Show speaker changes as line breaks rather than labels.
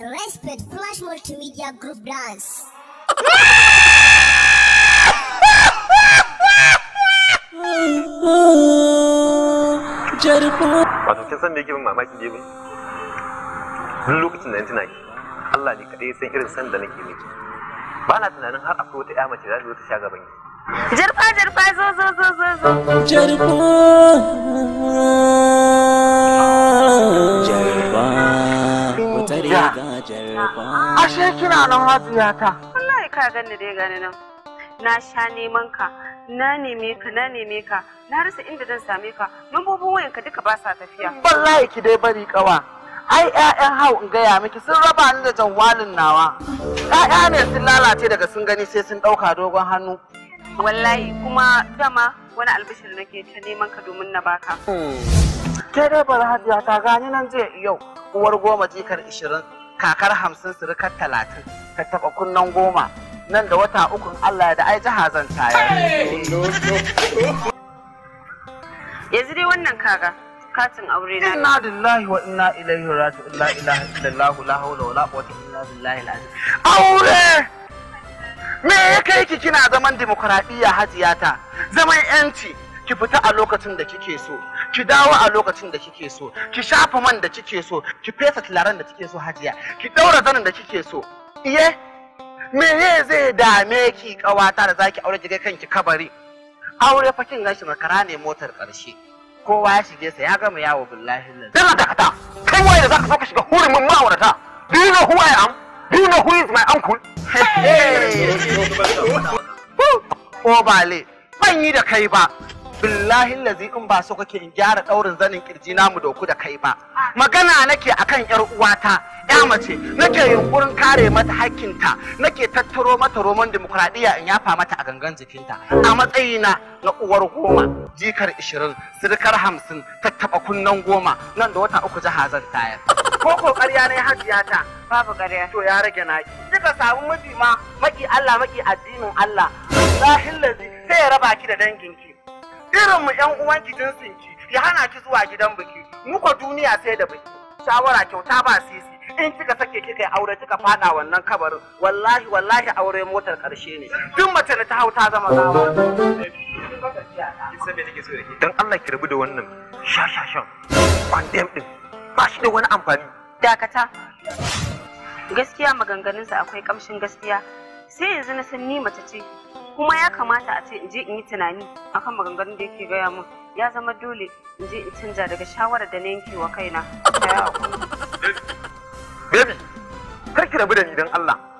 Respect Flash Multimedia Group Dance. Wato kin san me yake irin san nake miki. Ba tunanin har akwai wata ƴa mace
za ta sha gaban ki.
jarba
ashe kina nan hajiya ta wallahi ka gani dai gani nan na sha neman ka na neme ka na neme ka na rasa inda zan same ka lambobin wayanka duka ba sa tafiya
wallahi ki dai bari kawa ai ƴaƴan hau in gaya miki sun raba ni da jawalin nawa ƴaƴa ne sun lalace daga sun gani sai sun ɗauka dogon hannu
wallahi kuma dama wani albishir nake ta neman ka domin na baka.
Kai dai bari hajiya gani nan je yau uwar goma jikar ishirin kakar hamsin rikar talatin ka taɓa kunnen goma nan da wata ukun Allah da ai jahazan taya.
Yanzu dai wannan kaga katin aure na. Inna
lillahi wa inna ilaihi raji'un la ilaha illallah la hawla wala quwwata illa billahi Aure! Me ya kai ki kina zaman Hajiya hajiyata, zaman 'yanci, ki fita a lokacin da kike so ki dawo a lokacin da kike so ki shafa man da kike so ki fesa tilaran da kike so hajiya ki daura zanin da kike so iye meye zai dame ki kawata da zaki aure kiga kanki kabari aure fa kin gashi makara ne motar karshe kowa ya shige sa ya gama yawo billahi lillahi dalla dakata kai waye da zaka so ka shiga hurumin ma'aurata do you know who i am do you know who is my uncle bale ban yi da kai ba billahi lazi in ba so kake in gyara daurin zanin kirji namu doku da kai ba magana nake akan yar uwata ya mace nake yunkurin kare mata hakkinta nake tattaro mata roman demokradiya in yafa mata a gangan jikinta a matsayina na uwar goma jikar ishirin sirkar hamsin tattaba kunnen goma nan da wata uku jahazan tayar ko kokariya ne ta babu gare to ya rage naki kika samu miji ma maki Allah maki addinin Allah lahin lazi sai ya raba ki da danginki irin mu yan uwan ki jinsin ya hana ki zuwa gidan biki mu ko duniya sai da biki shawara kyauta ba sisi in kika sake kika aure kika fada wannan kabarin wallahi wallahi aure motar karshe ne duk
mace ne ta hau ta zama gawa
dan Allah ki rabu da wannan shashashan kwandem din ba shi da wani amfani
dakata gaskiya maganganunsa akwai kamshin gaskiya sai yanzu na san ni mace ce kuma ya kamata a ce in je in yi tunani akan maganganun da yake gaya min ya zama dole in je in canja daga shawarar da na yanke wa kaina
baby kar ki rabu da ni don Allah